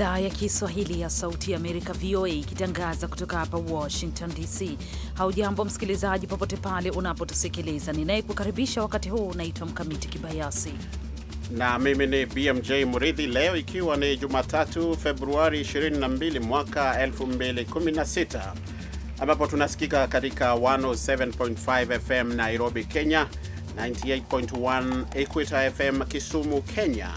idhaa ya Kiswahili ya Sauti ya Amerika, VOA, ikitangaza kutoka hapa Washington DC. Haujambo msikilizaji, popote pale unapotusikiliza. Ninayekukaribisha wakati huu unaitwa Mkamiti Kibayasi na mimi ni BMJ Muridhi. Leo ikiwa ni Jumatatu, Februari 22 mwaka 2016 ambapo tunasikika katika 107.5 FM Nairobi, Kenya, 98.1 Equita FM Kisumu, Kenya,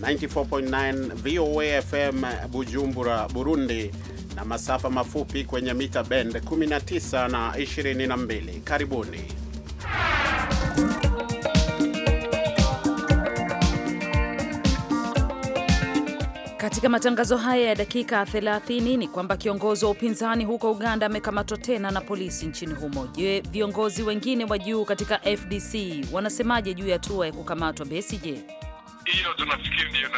94.9 VOA FM Bujumbura, Burundi na masafa mafupi kwenye mita bend 19 na 22. Karibuni. Katika matangazo haya ya dakika 30 ni kwamba kiongozi wa upinzani huko Uganda amekamatwa tena na polisi nchini humo. Je, viongozi wengine wa juu katika FDC wanasemaje juu ya hatua ya kukamatwa Besigye? hiyo tunafikiri ndiyo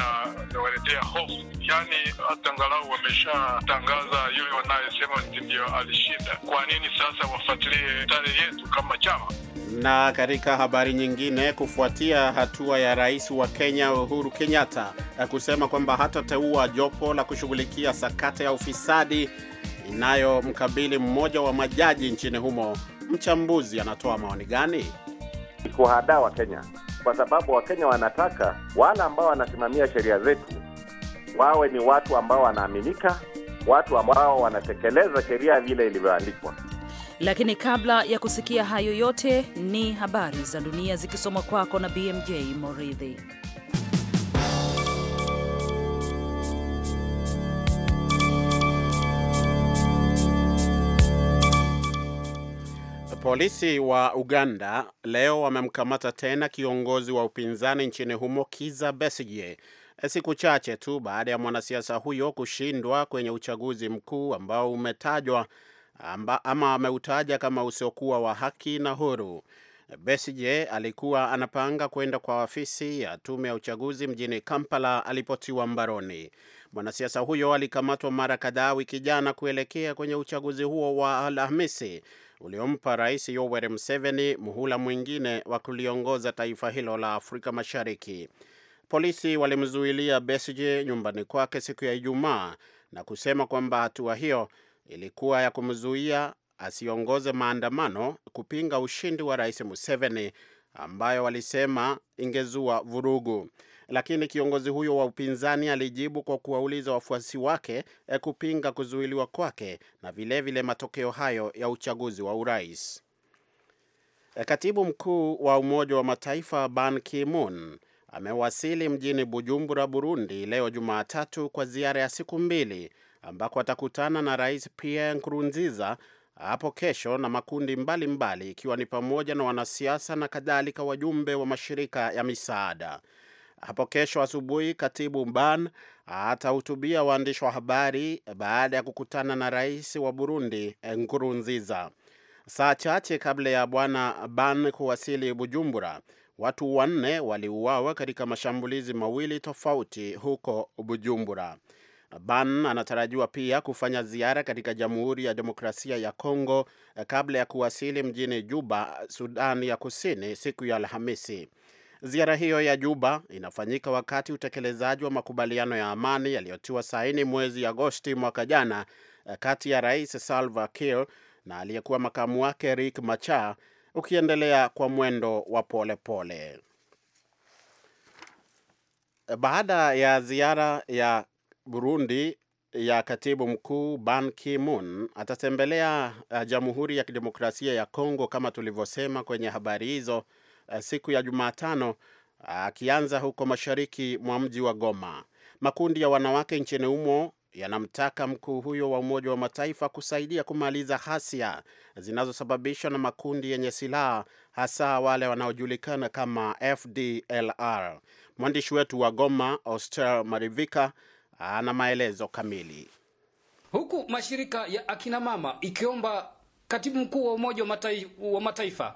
inawaletea hofu, yaani hata angalau wameshatangaza yule wanayesema ndio alishinda. Kwa nini sasa wafuatilie tarehe yetu kama chama? Na katika habari nyingine, kufuatia hatua ya rais wa Kenya Uhuru Kenyatta kusema kwamba hatateua jopo la kushughulikia sakata ya ufisadi inayomkabili mmoja wa majaji nchini humo, mchambuzi anatoa maoni gani? wa kenya kwa sababu Wakenya wanataka wale ambao wanasimamia sheria zetu wawe ni watu ambao wanaaminika, watu ambao wanatekeleza sheria vile ilivyoandikwa. Lakini kabla ya kusikia hayo yote, ni habari za dunia zikisomwa kwako na BMJ Moridhi. Polisi wa Uganda leo wamemkamata tena kiongozi wa upinzani nchini humo Kiza Besigye eh, siku chache tu baada ya mwanasiasa huyo kushindwa kwenye uchaguzi mkuu ambao umetajwa amba, ama ameutaja kama usiokuwa wa haki na huru. Besigye alikuwa anapanga kwenda kwa ofisi ya tume ya uchaguzi mjini Kampala alipotiwa mbaroni. Mwanasiasa huyo alikamatwa mara kadhaa wiki jana kuelekea kwenye uchaguzi huo wa Alhamisi uliompa Rais Yoweri Museveni muhula mwingine wa kuliongoza taifa hilo la Afrika Mashariki. Polisi walimzuilia Besigye nyumbani kwake siku ya Ijumaa na kusema kwamba hatua hiyo ilikuwa ya kumzuia asiongoze maandamano kupinga ushindi wa Rais Museveni ambayo walisema ingezua vurugu. Lakini kiongozi huyo wa upinzani alijibu kwa kuwauliza wafuasi wake e, kupinga kuzuiliwa kwake na vilevile vile matokeo hayo ya uchaguzi wa urais. E, katibu mkuu wa Umoja wa Mataifa Ban Ki-moon amewasili mjini Bujumbura, Burundi leo Jumatatu kwa ziara ya siku mbili ambako atakutana na Rais Pierre Nkurunziza hapo kesho na makundi mbalimbali mbali, ikiwa ni pamoja na wanasiasa na kadhalika wajumbe wa mashirika ya misaada. Hapo kesho asubuhi, katibu Ban atahutubia waandishi wa habari baada ya kukutana na rais wa Burundi Nkurunziza. Saa chache kabla ya bwana Ban kuwasili Bujumbura, watu wanne waliuawa katika mashambulizi mawili tofauti huko Bujumbura. Ban anatarajiwa pia kufanya ziara katika Jamhuri ya Demokrasia ya Kongo eh, kabla ya kuwasili mjini Juba, Sudan ya Kusini siku ya Alhamisi. Ziara hiyo ya Juba inafanyika wakati utekelezaji wa makubaliano ya amani yaliyotiwa saini mwezi Agosti mwaka jana eh, kati ya Rais Salva Kiir na aliyekuwa makamu wake Riek Machar ukiendelea kwa mwendo wa polepole pole. Eh, baada ya ziara ya Burundi ya katibu mkuu Ban Ki-moon atatembelea eh, Jamhuri ya Kidemokrasia ya Kongo kama tulivyosema kwenye habari hizo eh, siku ya Jumatano, akianza huko mashariki mwa mji wa Goma. Makundi ya wanawake nchini humo yanamtaka mkuu huyo wa Umoja wa Mataifa kusaidia kumaliza ghasia zinazosababishwa na makundi yenye silaha hasa wale wanaojulikana kama FDLR. Mwandishi wetu wa Goma, Oster Marivika, ana maelezo kamili. Huku mashirika ya akina mama ikiomba katibu mkuu wa Umoja wa Mataifa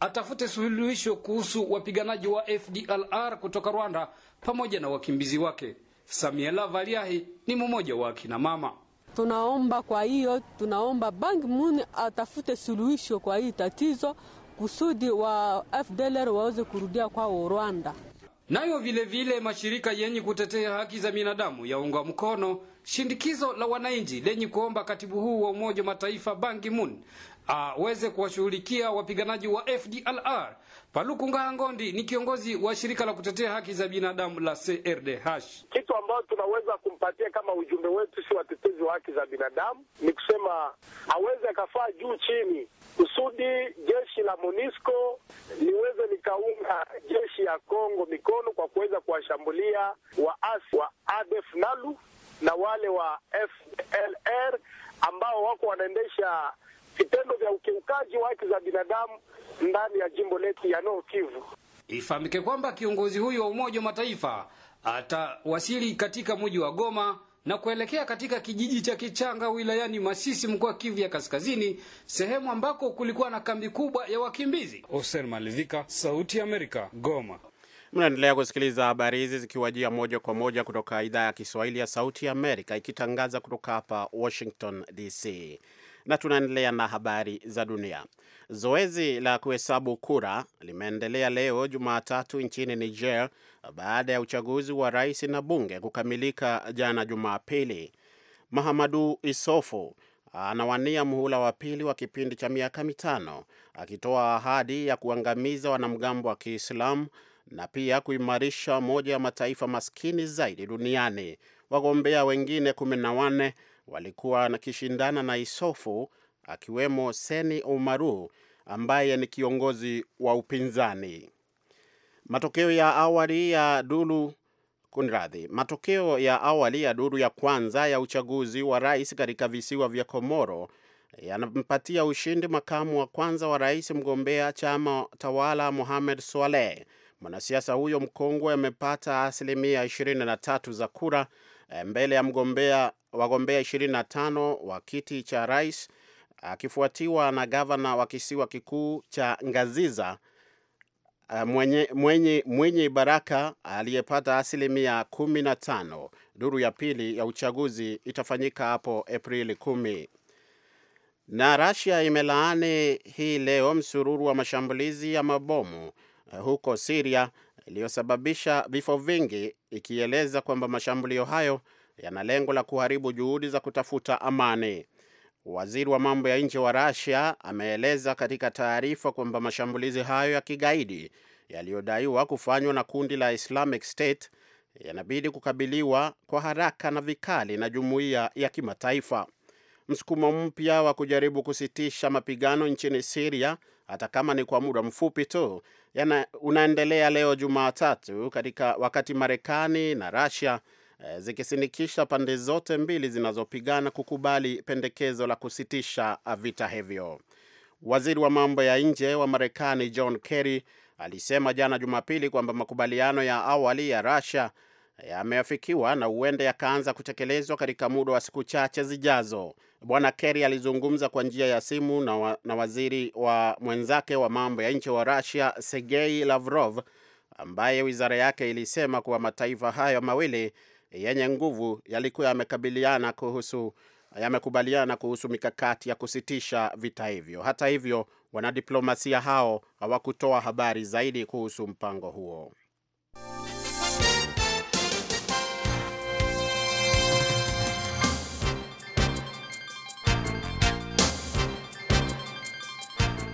atafute suluhisho kuhusu wapiganaji wa FDLR kutoka Rwanda pamoja na wakimbizi wake. Samiela Valiahi ni mmoja wa akina mama. Tunaomba kwa hiyo, tunaomba Ban Ki-moon atafute suluhisho kwa hii tatizo kusudi wa FDLR waweze kurudia kwao Rwanda. Nayo vile vile mashirika yenye kutetea haki za binadamu yaunga mkono shindikizo la wananchi lenye kuomba katibu huu wa Umoja wa Mataifa Ban Ki-moon aweze kuwashughulikia wapiganaji wa FDLR Faluku Ngahangondi ni kiongozi wa shirika la kutetea haki za binadamu la CRDH. Kitu ambayo tunaweza kumpatia kama ujumbe wetu, si watetezi wa haki za binadamu, ni kusema aweze akafaa juu chini, kusudi jeshi la MONUSCO liweze likaunga jeshi ya Kongo mikono kwa kuweza kuwashambulia waasi wa ADF NALU na wale wa flr ambao wako wanaendesha vitendo vya ukiukaji wa haki za binadamu ndani ya jimbo letu ya Nord Kivu. Ifahamike kwamba kiongozi huyo wa Umoja wa Mataifa atawasili katika mji wa Goma na kuelekea katika kijiji cha Kichanga wilayani Masisi mkoa Kivu ya Kaskazini, sehemu ambako kulikuwa na kambi kubwa ya wakimbizi. Hosen Malivika, Sauti ya Amerika, Goma. Mnaendelea kusikiliza habari hizi zikiwajia moja kwa moja kutoka idhaa ya Kiswahili ya Sauti ya Amerika ikitangaza kutoka hapa Washington DC na tunaendelea na habari za dunia. Zoezi la kuhesabu kura limeendelea leo Jumatatu nchini Niger baada ya uchaguzi wa rais na bunge kukamilika jana Jumapili. Mahamadu isofu anawania muhula wa pili wa kipindi cha miaka mitano akitoa ahadi ya kuangamiza wanamgambo wa Kiislamu na pia kuimarisha moja ya mataifa maskini zaidi duniani. Wagombea wengine kumi na wanne walikuwa nakishindana na Isofu, akiwemo Seni Umaru ambaye ni kiongozi wa upinzani. Matokeo ya awali ya duru kunradhi, matokeo ya awali ya duru ya kwanza ya uchaguzi wa rais katika visiwa vya Komoro yanampatia ushindi makamu wa kwanza wa rais mgombea chama tawala Mohamed Swaleh. Mwanasiasa huyo mkongwe amepata asilimia 23 za kura Eh, mbele ya mgombea wagombea 25 wa kiti cha rais akifuatiwa na gavana wa kisiwa kikuu cha Ngaziza eh, mwenye, mwenye, mwenye Baraka aliyepata asilimia 15. Duru ya pili ya uchaguzi itafanyika hapo Aprili kumi. Na Russia imelaani hii leo msururu wa mashambulizi ya mabomu eh, huko Syria iliyosababisha vifo vingi, ikieleza kwamba mashambulio hayo yana lengo la kuharibu juhudi za kutafuta amani. Waziri wa mambo ya nje wa Russia ameeleza katika taarifa kwamba mashambulizi hayo ya kigaidi yaliyodaiwa kufanywa na kundi la Islamic State yanabidi kukabiliwa kwa haraka na vikali na jumuiya ya kimataifa. Msukumo mpya wa kujaribu kusitisha mapigano nchini Syria hata kama ni kwa muda mfupi tu, yana unaendelea leo Jumatatu, katika wakati Marekani na Russia eh, zikisinikisha pande zote mbili zinazopigana kukubali pendekezo la kusitisha vita hivyo. Waziri wa mambo ya nje wa Marekani John Kerry alisema jana Jumapili kwamba makubaliano ya awali ya Russia yameafikiwa na huenda yakaanza kutekelezwa katika muda wa siku chache zijazo. Bwana Kerry alizungumza kwa njia ya simu na, wa, na waziri wa mwenzake wa mambo ya nje wa Russia Sergei Lavrov ambaye wizara yake ilisema kuwa mataifa hayo mawili yenye nguvu yalikuwa yamekabiliana kuhusu yamekubaliana kuhusu mikakati ya kusitisha vita hivyo. Hata hivyo, wanadiplomasia hao hawakutoa habari zaidi kuhusu mpango huo.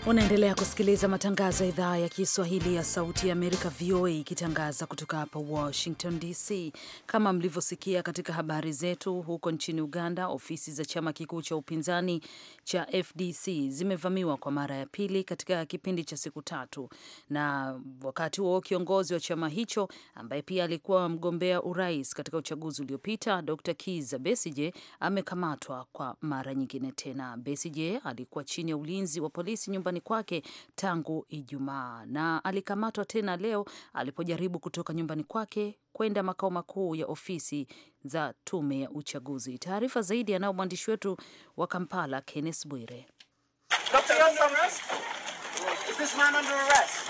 Unaendelea kusikiliza matangazo ya idhaa ya Kiswahili ya Sauti ya Amerika, VOA, ikitangaza kutoka hapa Washington DC. Kama mlivyosikia katika habari zetu, huko nchini Uganda, ofisi za chama kikuu cha upinzani cha FDC zimevamiwa kwa mara ya pili katika kipindi cha siku tatu, na wakati huo kiongozi wa chama hicho ambaye pia alikuwa mgombea urais katika uchaguzi uliopita, Dr kiza besij amekamatwa kwa mara nyingine tena. besije alikuwa chini ya ulinzi wa polisi nyumbani nyumbani kwake tangu Ijumaa na alikamatwa tena leo alipojaribu kutoka nyumbani kwake kwenda makao makuu ya ofisi za tume ya uchaguzi. Taarifa zaidi anayo mwandishi wetu wa Kampala, Kenneth Bwire.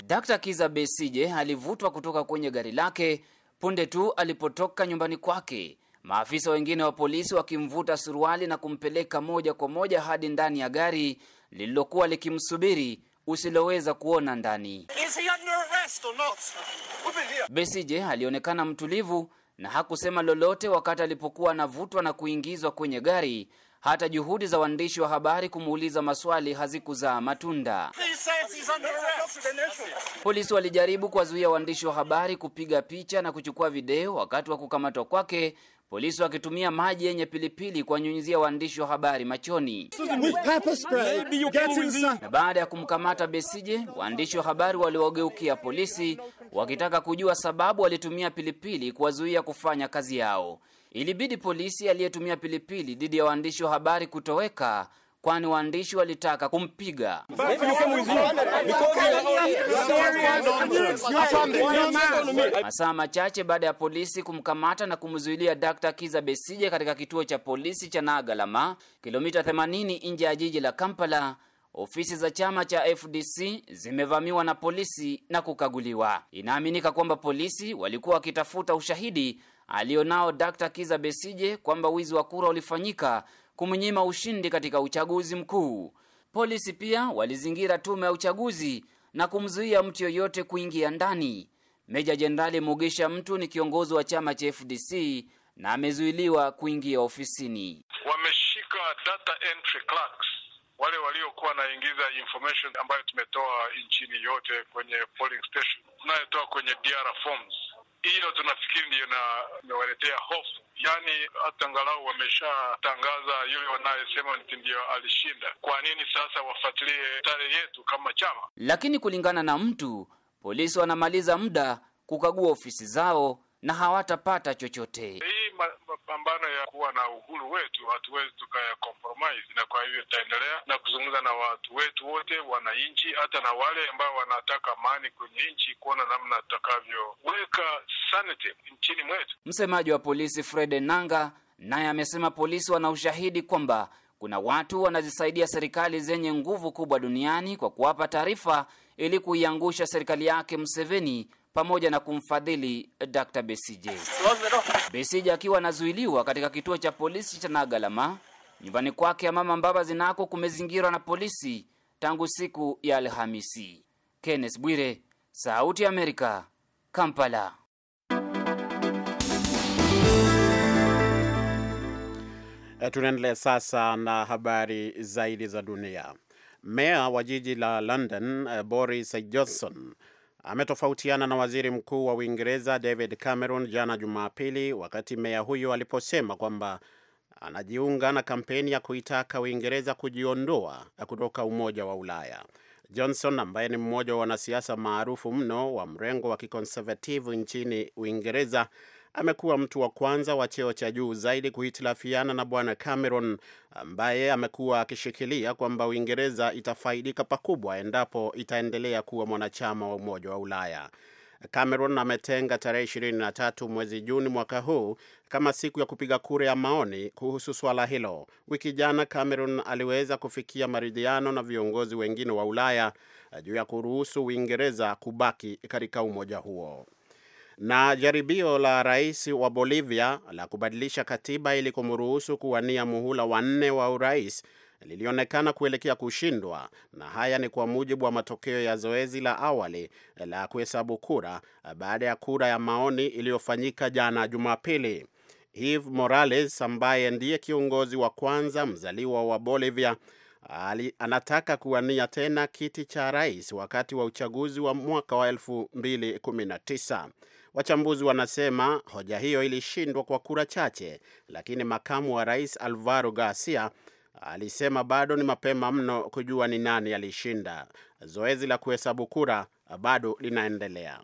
Dr. Kiza Besije alivutwa kutoka kwenye gari lake punde tu alipotoka nyumbani kwake, maafisa wengine wa polisi wakimvuta suruali na kumpeleka moja kwa moja hadi ndani ya gari lililokuwa likimsubiri usiloweza kuona ndani. Besije alionekana mtulivu na hakusema lolote wakati alipokuwa anavutwa na kuingizwa kwenye gari hata juhudi za waandishi wa habari kumuuliza maswali hazikuzaa matunda. Polisi walijaribu kuwazuia waandishi wa habari kupiga picha na kuchukua video wakati wa kukamatwa kwake, polisi wakitumia maji yenye pilipili kuwanyunyizia waandishi wa habari machoni. Na baada ya kumkamata Besije, waandishi wa habari waliwageukia polisi wakitaka kujua sababu walitumia pilipili kuwazuia kufanya kazi yao. Ilibidi polisi aliyetumia pilipili dhidi ya waandishi wa habari kutoweka kwani waandishi walitaka kumpiga. Masaa machache baada ya polisi kumkamata na kumzuilia Dr. Kiza Besije katika kituo cha polisi cha Nagalama, kilomita 80 nje ya jiji la Kampala, ofisi za chama cha FDC zimevamiwa na polisi na kukaguliwa. Inaaminika kwamba polisi walikuwa wakitafuta ushahidi alionao Dkt. Kiza Besije kwamba wizi wa kura ulifanyika kumnyima ushindi katika uchaguzi mkuu. Polisi pia walizingira tume ya uchaguzi na kumzuia mtu yoyote kuingia ndani. Meja Jenerali Mugisha Mtu ni kiongozi wa chama cha FDC na amezuiliwa kuingia ofisini. Wameshika data entry clerks, wale waliokuwa wanaingiza information ambayo tumetoa nchini yote kwenye polling station, tunayotoa kwenye DR forms hilo tunafikiri ndio imewaletea hofu, yani hata angalau wameshatangaza yule wanayesema ndio alishinda. Kwa nini sasa wafuatilie tarehe yetu kama chama? Lakini kulingana na mtu polisi wanamaliza muda kukagua ofisi zao na hawatapata chochote. Hii mapambano ya kuwa na uhuru wetu hatuwezi tukaya kompromise na kwa hivyo tutaendelea na kuzungumza na watu wetu wote, wananchi, hata na wale ambao wanataka amani kwenye nchi, kuona namna tutakavyoweka sanity nchini mwetu. Msemaji wa polisi Fred Nanga naye amesema polisi wana ushahidi kwamba kuna watu wanazisaidia serikali zenye nguvu kubwa duniani kwa kuwapa taarifa ili kuiangusha serikali yake mseveni pamoja na kumfadhili Dr. Besije. Besije akiwa anazuiliwa katika kituo cha polisi cha Nagalama, nyumbani kwake ya mama Mbabazi nako kumezingirwa na polisi tangu siku ya Alhamisi. Kenneth Bwire, Sauti ya Amerika, Kampala. Eh, tunaendelea sasa na habari zaidi za dunia. Meya wa jiji la London eh, Boris Johnson ametofautiana na waziri mkuu wa Uingereza David Cameron jana Jumapili, wakati meya huyo aliposema kwamba anajiunga na kampeni ya kuitaka Uingereza kujiondoa kutoka Umoja wa Ulaya. Johnson ambaye ni mmoja wa wanasiasa maarufu mno wa mrengo wa kikonservativu nchini Uingereza amekuwa mtu wa kwanza wa cheo cha juu zaidi kuhitilafiana na bwana Cameron ambaye amekuwa akishikilia kwamba Uingereza itafaidika pakubwa endapo itaendelea kuwa mwanachama wa Umoja wa Ulaya. Cameron ametenga tarehe 23 mwezi Juni mwaka huu kama siku ya kupiga kura ya maoni kuhusu swala hilo. Wiki jana Cameron aliweza kufikia maridhiano na viongozi wengine wa Ulaya juu ya kuruhusu Uingereza kubaki katika umoja huo na jaribio la rais wa Bolivia la kubadilisha katiba ili kumruhusu kuwania muhula wanne wa urais lilionekana kuelekea kushindwa, na haya ni kwa mujibu wa matokeo ya zoezi la awali la kuhesabu kura baada ya kura ya maoni iliyofanyika jana Jumapili. Eve Morales ambaye ndiye kiongozi wa kwanza mzaliwa wa Bolivia ali, anataka kuwania tena kiti cha rais wakati wa uchaguzi wa mwaka wa 2019. Wachambuzi wanasema hoja hiyo ilishindwa kwa kura chache, lakini makamu wa rais Alvaro Garcia alisema bado ni mapema mno kujua ni nani alishinda. Zoezi la kuhesabu kura bado linaendelea.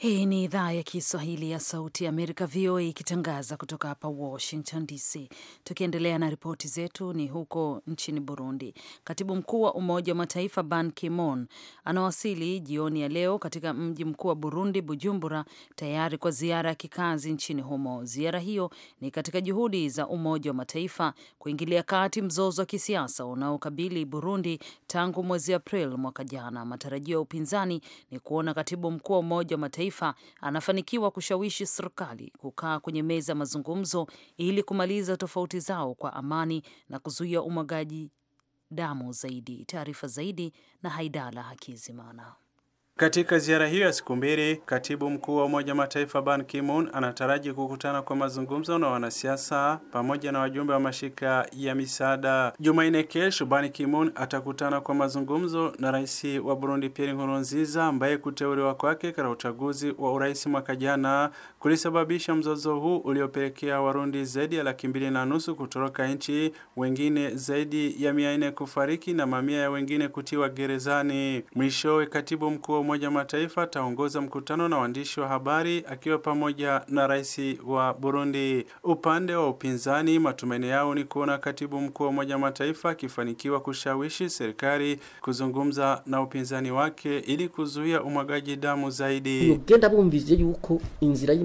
Hii ni idhaa ya Kiswahili ya Sauti ya Amerika, VOA, ikitangaza kutoka hapa Washington DC. Tukiendelea na ripoti zetu, ni huko nchini Burundi. Katibu mkuu wa Umoja wa Mataifa Ban Ki-moon anawasili jioni ya leo katika mji mkuu wa Burundi, Bujumbura, tayari kwa ziara ya kikazi nchini humo. Ziara hiyo ni katika juhudi za Umoja wa Mataifa kuingilia kati mzozo wa kisiasa unaokabili Burundi tangu mwezi April mwaka jana. Matarajio ya upinzani ni kuona katibu mkuu wa Umoja wa Mataifa kimataifa anafanikiwa kushawishi serikali kukaa kwenye meza ya mazungumzo ili kumaliza tofauti zao kwa amani na kuzuia umwagaji damu zaidi. Taarifa zaidi na Haidala Hakizimana. Katika ziara hiyo ya siku mbili, katibu mkuu wa Umoja Mataifa Ban Ki-moon anataraji kukutana kwa mazungumzo na wanasiasa pamoja na wajumbe wa mashirika ya misaada. Jumanne kesho, Ban Ki-moon atakutana kwa mazungumzo na rais wa Burundi Pierre Nkurunziza ambaye kuteuliwa kwake katika uchaguzi wa urais mwaka jana kulisababisha mzozo huu uliopelekea Warundi zaidi ya laki mbili na nusu kutoroka nchi, wengine zaidi ya mia nne kufariki na mamia ya wengine kutiwa gerezani. Mwishowe, katibu mkuu wa Umoja Mataifa ataongoza mkutano na waandishi wa habari akiwa pamoja na rais wa Burundi. Upande wa upinzani, matumaini yao ni kuona katibu mkuu wa Umoja Mataifa akifanikiwa kushawishi serikali kuzungumza na upinzani wake ili kuzuia umwagaji damu zaidi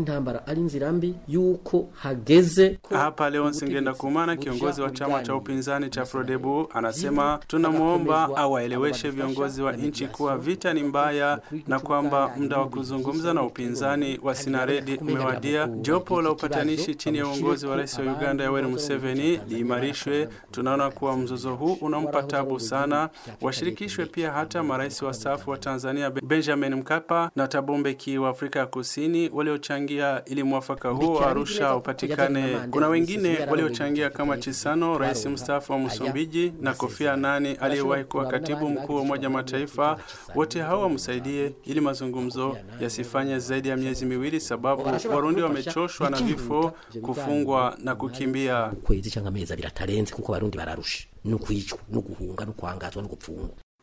intambara ari nzira mbi yuko hageze hapa leo Singenda Kumana kiongozi wa chama cha upinzani cha Frodebu anasema tunamwomba awaeleweshe viongozi wa nchi kuwa vita ni mbaya na kwamba muda wa kuzungumza na upinzani wa Sinaredi umewadia. Jopo la upatanishi chini ya uongozi wa rais wa Uganda Yoweri Museveni liimarishwe. Tunaona kuwa mzozo huu unampa tabu sana, washirikishwe pia hata marais wa staafu wa Tanzania Benjamin Mkapa na Thabo wa Afrika ya Kusini waliochangia kuchangia ili mwafaka wa Arusha upatikane. Kuna wengine waliochangia kama Chisano, rais mstaafu wa Msumbiji, na Kofi Annan aliyewahi kuwa katibu mkuu wa Umoja Mataifa. Wote hao wamsaidie ili mazungumzo yasifanye zaidi ya miezi miwili, sababu Warundi wamechoshwa na vifo, kufungwa na kukimbia kwezi changameza biratarenze kuko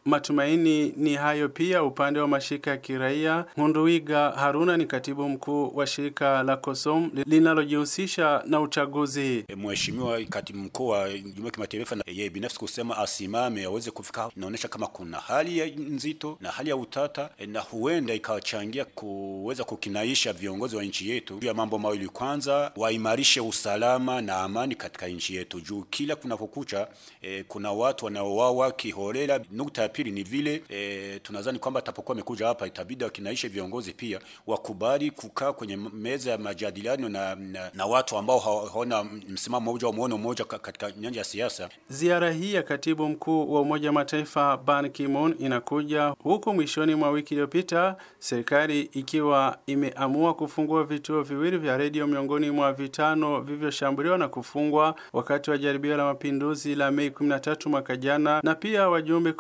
Matumaini ni hayo pia upande wa mashirika ya kiraia. Hunduwiga Haruna ni katibu mkuu wa shirika la Kosom linalojihusisha na uchaguzi. E, mheshimiwa katibu mkuu wa jumuiya kimataifa na yeye binafsi kusema asimame aweze kufika, inaonyesha kama kuna hali ya nzito na hali ya utata e, na huenda ikawachangia kuweza kukinaisha viongozi wa nchi yetu juu ya mambo mawili. Kwanza waimarishe usalama na amani katika nchi yetu, juu kila kunapokucha e, kuna watu wanaowawa kiholela nukta pili ni vile e, tunadhani kwamba atapokuwa amekuja hapa itabidi wakinaisha viongozi pia wakubali kukaa kwenye meza ya majadiliano na, na, na watu ambao haona msimamo moja au muono mmoja katika nyanja ya siasa. Ziara hii ya katibu mkuu wa Umoja wa Mataifa Ban Ki-moon inakuja huku mwishoni mwa wiki iliyopita serikali ikiwa imeamua kufungua vituo viwili vya redio miongoni mwa vitano vilivyoshambuliwa na kufungwa wakati wa jaribio la mapinduzi la Mei 13 mwaka jana, na pia wajumbe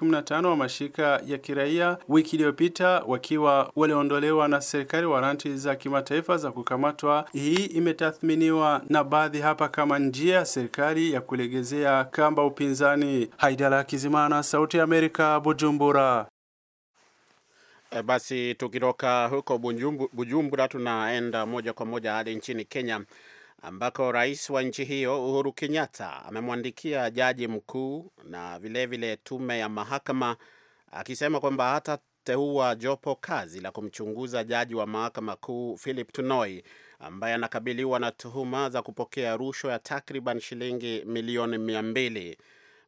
muungano wa mashirika ya kiraia wiki iliyopita wakiwa waliondolewa na serikali waranti za kimataifa za kukamatwa. Hii imetathminiwa na baadhi hapa kama njia ya serikali ya kulegezea kamba upinzani. haidala Kizimana, Sauti ya Amerika, Bujumbura. E, basi tukitoka huko Bujumbura tunaenda moja kwa moja hadi nchini Kenya ambako rais wa nchi hiyo Uhuru Kenyatta amemwandikia jaji mkuu na vilevile vile tume ya mahakama akisema kwamba hata teua jopo kazi la kumchunguza jaji wa mahakama kuu Philip Tunoi ambaye anakabiliwa na tuhuma za kupokea rushwa ya takriban shilingi milioni mia mbili.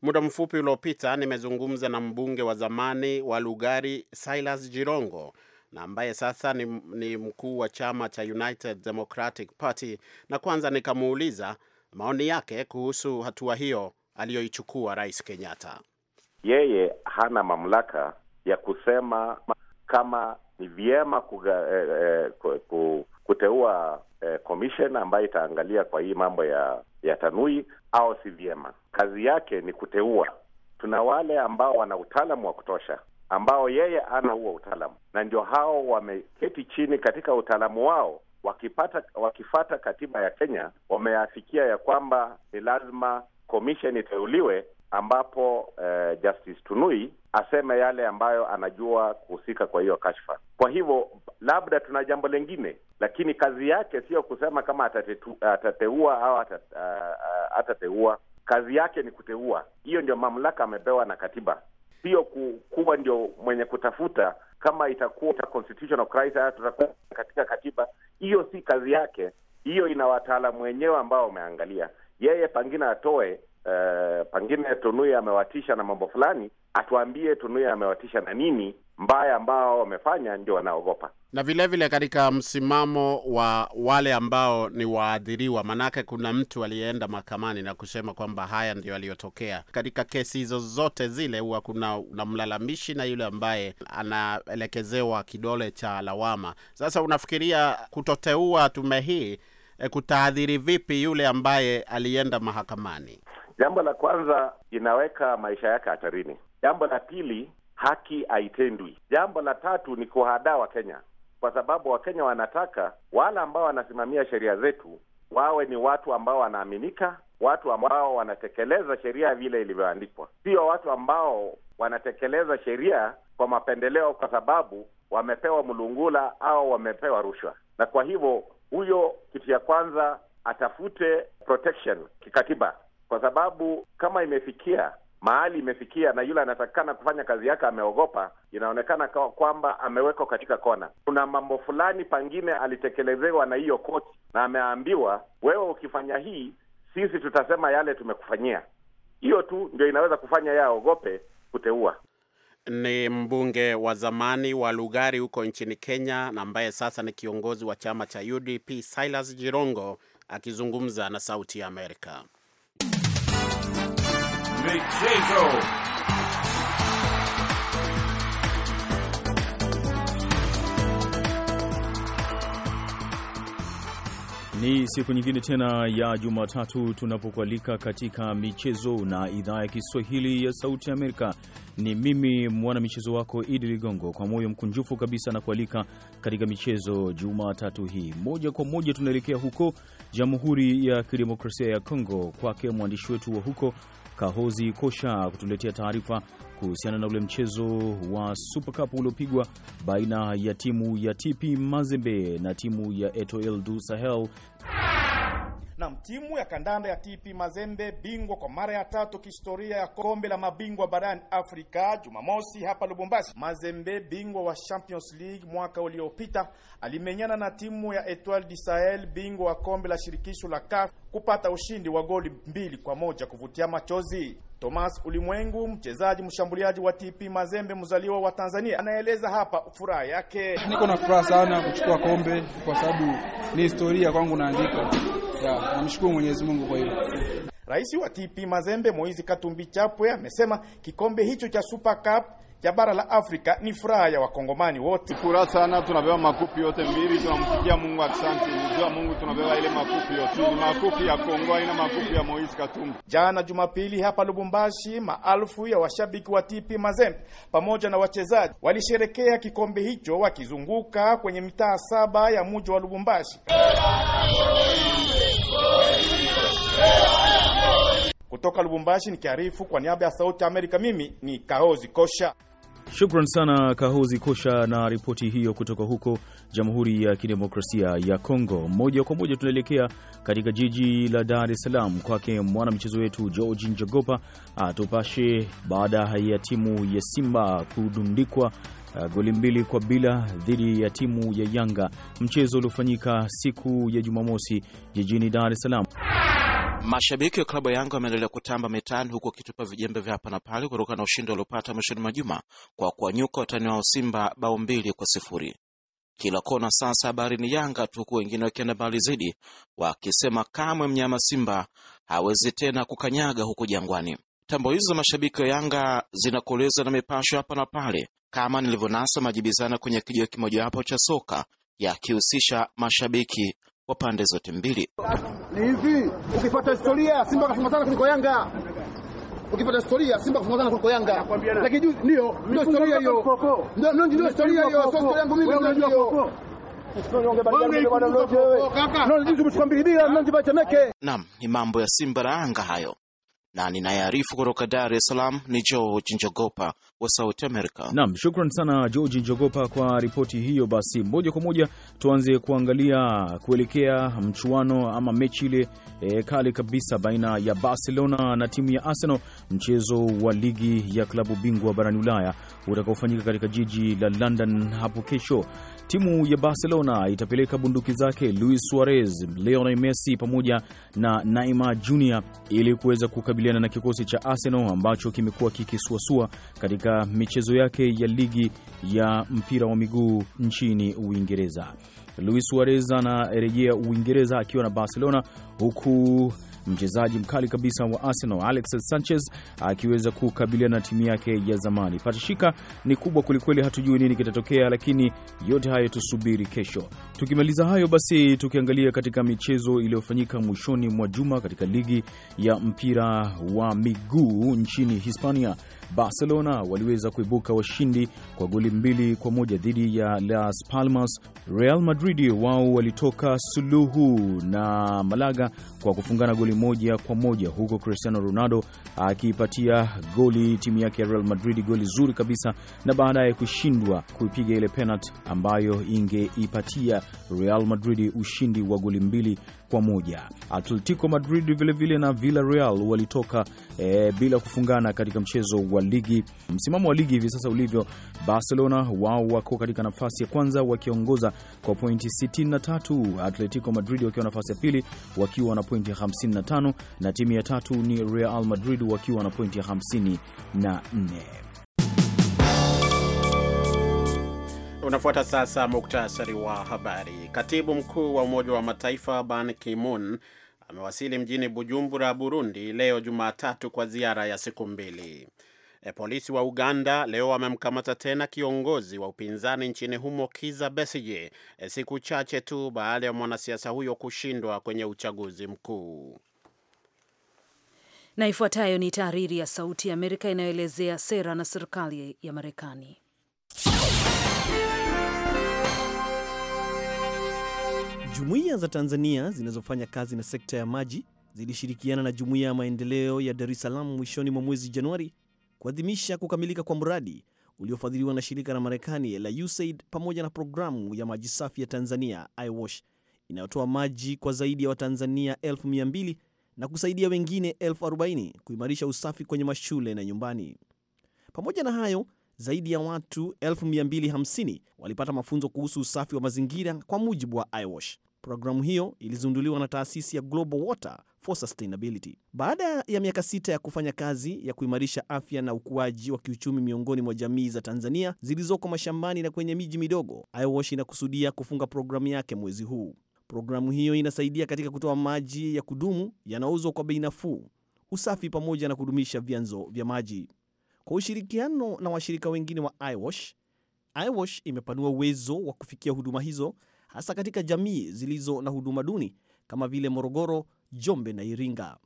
Muda mfupi uliopita nimezungumza na mbunge wa zamani wa Lugari Silas Jirongo na ambaye sasa ni, ni mkuu wa chama cha United Democratic Party, na kwanza nikamuuliza maoni yake kuhusu hatua hiyo aliyoichukua Rais Kenyatta. Yeye hana mamlaka ya kusema kama ni vyema eh, eh kuteua eh, commission ambayo itaangalia kwa hii mambo ya ya tanui au si vyema. Kazi yake ni kuteua. Tuna wale ambao wana utaalamu wa kutosha ambao yeye ana huo utaalamu, na ndio hao wameketi chini katika utaalamu wao wakipata wakifata katiba ya Kenya, wameafikia ya kwamba ni lazima commission iteuliwe ambapo eh, Justice Tunui aseme yale ambayo anajua kuhusika kwa hiyo kashfa. Kwa hivyo labda tuna jambo lengine, lakini kazi yake siyo kusema kama atatetu, atateua au eh, eh, atateua. Kazi yake ni kuteua. Hiyo ndio mamlaka amepewa na katiba sio kuwa ndio mwenye kutafuta kama itakuwa crisis, tutakuwa katika katiba. Hiyo si kazi yake, hiyo ina wataalamu wenyewe ambao wameangalia. Yeye pangine atoe Eh, pengine Tunui amewatisha na mambo fulani, atuambie Tunuya amewatisha na nini mbaya ambao wamefanya, ndio wanaogopa. Na vilevile katika msimamo wa wale ambao ni waadhiriwa, maanake kuna mtu aliyeenda mahakamani na kusema kwamba haya ndio aliyotokea. Katika kesi hizo zote zile huwa kuna na mlalamishi na yule ambaye anaelekezewa kidole cha lawama. Sasa unafikiria kutoteua tume hii e, eh, kutaadhiri vipi yule ambaye alienda mahakamani? Jambo la kwanza, inaweka maisha yake hatarini. Jambo la pili, haki haitendwi. Jambo la tatu ni kuwahadaa Wakenya, kwa sababu Wakenya wanataka wale ambao wanasimamia sheria zetu wawe ni watu ambao wanaaminika, watu ambao wanatekeleza sheria vile ilivyoandikwa, sio watu ambao wanatekeleza sheria kwa mapendeleo, kwa sababu wamepewa mlungula au wamepewa rushwa. Na kwa hivyo, huyo kitu ya kwanza atafute protection kikatiba kwa sababu kama imefikia mahali imefikia na yule anatakikana kufanya kazi yake ameogopa, inaonekana kwamba amewekwa katika kona. Kuna mambo fulani pengine alitekelezewa na hiyo koti na ameambiwa, wewe ukifanya hii, sisi tutasema yale tumekufanyia. Hiyo tu ndio inaweza kufanya yeye aogope kuteua. Ni mbunge wa zamani wa Lugari huko nchini Kenya na ambaye sasa ni kiongozi wa chama cha UDP, Silas Jirongo akizungumza na Sauti ya Amerika michezo. Ni siku nyingine tena ya Jumatatu tunapokualika katika michezo na idhaa ya Kiswahili ya Sauti Amerika. Ni mimi michezo wako Idi Ligongo, kwa moyo mkunjufu kabisa na kualika katika michezo Jumatatu hii. Moja kwa moja tunaelekea huko Jamhuri ya Kidemokrasia ya Kongo, kwake mwandishi wetu wa huko Kahozi Kosha kutuletea taarifa kuhusiana na ule mchezo wa Super Cup uliopigwa baina ya timu ya TP Mazembe na timu ya Etoile du Sahel na timu ya kandanda ya TP Mazembe bingwa kwa mara ya tatu kihistoria ya kombe la mabingwa barani Afrika, Jumamosi hapa Lubumbashi. Mazembe bingwa wa Champions League mwaka uliopita alimenyana na timu ya Etoile du Sahel bingwa wa kombe la shirikisho la CAF kupata ushindi wa goli mbili kwa moja kuvutia machozi. Thomas Ulimwengu, mchezaji mshambuliaji wa TP Mazembe mzaliwa wa Tanzania, anaeleza hapa furaha yake. Niko na furaha sana kuchukua kombe kwa sababu ni historia kwangu naandika yeah. Namshukuru Mwenyezi Mungu kwa hilo. Rais wa TP Mazembe Moizi Katumbi Chapwe amesema kikombe hicho cha Super Cup ya bara la Afrika ni furaha ya wakongomani wote. Furaha sana, tunabeba makupi yote mbili, tunamtikia Mungu asante. Nijua Mungu tunabeba ile makupi yote, ni makupi ya Kongo na makupi ya Moise Katumbi. Jana Jumapili hapa Lubumbashi, maalfu ya washabiki wa TP Mazembe pamoja na wachezaji walisherekea kikombe hicho wakizunguka kwenye mitaa saba ya mji wa Lubumbashi. Kutoka Lubumbashi nikiarifu kwa niaba ya Sauti ya Amerika, mimi ni Kahozi Kosha. Shukran sana Kahozi Kosha na ripoti hiyo kutoka huko Jamhuri ya Kidemokrasia ya Kongo. Moja kwa moja tunaelekea katika jiji la Dar es Salaam kwake mwanamchezo wetu Georgi Njogopa atupashe baada ya timu ya Simba kudundikwa Uh, goli mbili kwa bila dhidi ya timu ya Yanga, mchezo uliofanyika siku ya Jumamosi jijini Dar es Salaam. Mashabiki wa klabu ya Yanga wameendelea kutamba mitaani huku wakitupa vijembe vya hapa na pale kutokana na ushindi waliopata mwishoni mwa juma kwa kuwanyuka watani wao Simba bao mbili kwa sifuri. Kila kona sasa habari ni Yanga tu, huku wengine wakienda mbali zaidi wakisema kamwe mnyama Simba hawezi tena kukanyaga huku Jangwani. Tambo hizo za mashabiki wa Yanga zinakoleza na mipasho hapa na pale, kama nilivyonasa majibizano kwenye kijio kimojawapo cha soka yakihusisha mashabiki kwa pande zote mbili. Ni hivi, ukifuata historia Simba kasema sana kuliko Yanga ukipata historia Simba kufungana kuliko Yanga, lakini juu ndio ndio historia hiyo, ndio ndio ndio historia hiyo. Sio historia yangu mimi, ndio hiyo. Naam, ni mambo ya Simba na Yanga hayo na ninayearifu kutoka Dar es Salaam ni George Njogopa wa Sauti America. Naam, shukran sana George Njogopa kwa ripoti hiyo. Basi moja kwa moja tuanze kuangalia kuelekea mchuano ama mechi ile e, kali kabisa baina ya Barcelona na timu ya Arsenal, mchezo wa ligi ya klabu bingwa barani Ulaya utakaofanyika katika jiji la London hapo kesho. Timu ya Barcelona itapeleka bunduki zake Luis Suarez, Lionel Messi pamoja na Neymar Jr ili kuweza kukabiliana na kikosi cha Arsenal ambacho kimekuwa kikisuasua katika michezo yake ya ligi ya mpira wa miguu nchini Uingereza. Luis Suarez anarejea Uingereza akiwa na Barcelona huku mchezaji mkali kabisa wa Arsenal Alex Sanchez akiweza kukabiliana na timu yake ya zamani. Patashika ni kubwa kwelikweli, hatujui nini kitatokea, lakini yote hayo tusubiri kesho. Tukimaliza hayo basi, tukiangalia katika michezo iliyofanyika mwishoni mwa juma katika ligi ya mpira wa miguu nchini Hispania Barcelona waliweza kuibuka washindi kwa goli mbili kwa moja dhidi ya Las Palmas. Real Madrid wao walitoka suluhu na Malaga kwa kufungana goli moja kwa moja, huko Cristiano Ronaldo akiipatia goli timu yake ya Real Madrid goli zuri kabisa, na baadaye kushindwa kuipiga ile penalti ambayo ingeipatia Real Madrid ushindi wa goli mbili kwa moja. Atletico Madrid vilevile vile na Villarreal walitoka e, bila kufungana katika mchezo wa ligi. Msimamo wa ligi hivi sasa ulivyo, Barcelona wao wako katika nafasi ya kwanza wakiongoza kwa pointi 63, Atletico Madrid wakiwa nafasi ya pili wakiwa na pointi 55, na timu ya tatu ni Real Madrid wakiwa na pointi 54. Unafuata sasa muktasari wa habari. Katibu mkuu wa Umoja wa Mataifa Ban Ki-moon amewasili mjini Bujumbura, Burundi leo Jumatatu kwa ziara ya siku mbili. E, polisi wa Uganda leo wamemkamata tena kiongozi wa upinzani nchini humo Kiza Besige, e, siku chache tu baada ya mwanasiasa huyo kushindwa kwenye uchaguzi mkuu. Na ifuatayo ni tahariri ya Sauti ya Amerika inayoelezea sera na serikali ya Marekani. Jumuiya za Tanzania zinazofanya kazi na sekta ya maji zilishirikiana na Jumuiya ya Maendeleo ya Dar es Salaam mwishoni mwa mwezi Januari kuadhimisha kukamilika kwa mradi uliofadhiliwa na shirika la Marekani la USAID pamoja na programu ya maji safi ya Tanzania iWash inayotoa maji kwa zaidi ya Watanzania 20 na kusaidia wengine 40 kuimarisha usafi kwenye mashule na nyumbani. Pamoja na hayo, zaidi ya watu 250 walipata mafunzo kuhusu usafi wa mazingira kwa mujibu wa IWASH. Programu hiyo ilizunduliwa na taasisi ya Global Water for Sustainability. Baada ya miaka sita ya kufanya kazi ya kuimarisha afya na ukuaji wa kiuchumi miongoni mwa jamii za Tanzania zilizoko mashambani na kwenye miji midogo, IWASH inakusudia kufunga programu yake mwezi huu. Programu hiyo inasaidia katika kutoa maji ya kudumu yanauzwa kwa bei nafuu, usafi pamoja na kudumisha vyanzo vya maji. Kwa ushirikiano na washirika wengine wa IWASH, IWASH imepanua uwezo wa kufikia huduma hizo hasa katika jamii zilizo na huduma duni kama vile Morogoro, Jombe na Iringa.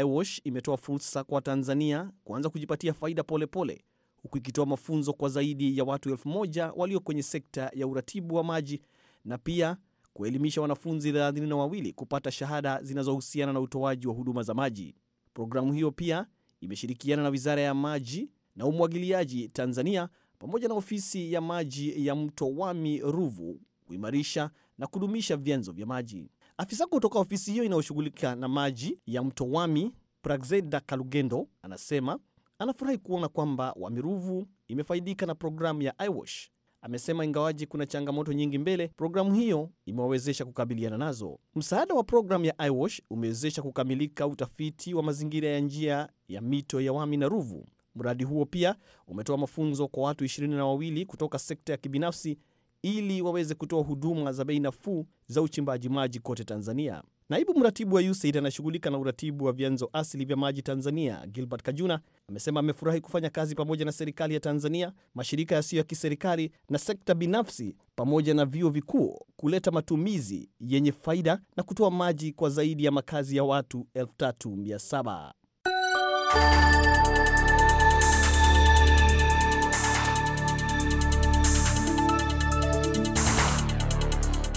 IWASH imetoa fursa kwa Tanzania kuanza kujipatia faida polepole huku ikitoa mafunzo kwa zaidi ya watu 1 walio kwenye sekta ya uratibu wa maji na pia kuelimisha wanafunzi 32 kupata shahada zinazohusiana na utoaji wa huduma za maji. Programu hiyo pia imeshirikiana na Wizara ya Maji na Umwagiliaji Tanzania pamoja na Ofisi ya Maji ya Mto Wami Ruvu kuimarisha na kudumisha vyanzo vya maji. Afisa kutoka ofisi hiyo inayoshughulika na maji ya Mto Wami, Praxeda Kalugendo, anasema anafurahi kuona kwamba Wami Ruvu imefaidika na programu ya iWash Amesema ingawaji kuna changamoto nyingi mbele, programu hiyo imewawezesha kukabiliana nazo. Msaada wa programu ya iWash umewezesha kukamilika utafiti wa mazingira ya njia ya mito ya Wami na Ruvu. Mradi huo pia umetoa mafunzo kwa watu 2 na wawili kutoka sekta ya kibinafsi ili waweze kutoa huduma za bei nafuu za uchimbaji maji kote Tanzania. Naibu mratibu wa USAID anashughulika na uratibu wa vyanzo asili vya maji Tanzania, Gilbert Kajuna, amesema amefurahi kufanya kazi pamoja na serikali ya Tanzania, mashirika yasiyo ya kiserikali na sekta binafsi pamoja na vyuo vikuu kuleta matumizi yenye faida na kutoa maji kwa zaidi ya makazi ya watu 3700.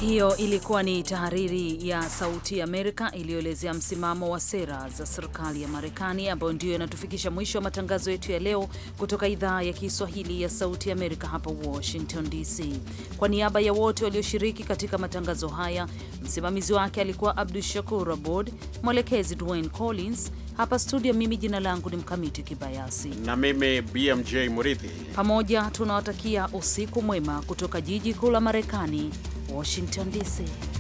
Hiyo ilikuwa ni tahariri ya Sauti ya Amerika iliyoelezea msimamo wa sera za serikali ya Marekani, ambayo ndiyo inatufikisha mwisho wa matangazo yetu ya leo kutoka idhaa ya Kiswahili ya Sauti ya Amerika hapa Washington DC. Kwa niaba ya wote walioshiriki katika matangazo haya, msimamizi wake alikuwa Abdu Shakur Abod, mwelekezi Dwayne Collins. Hapa studio, mimi jina langu ni Mkamiti Kibayasi na mimi BMJ Murithi. Pamoja tunawatakia usiku mwema kutoka jiji kuu la Marekani, Washington DC.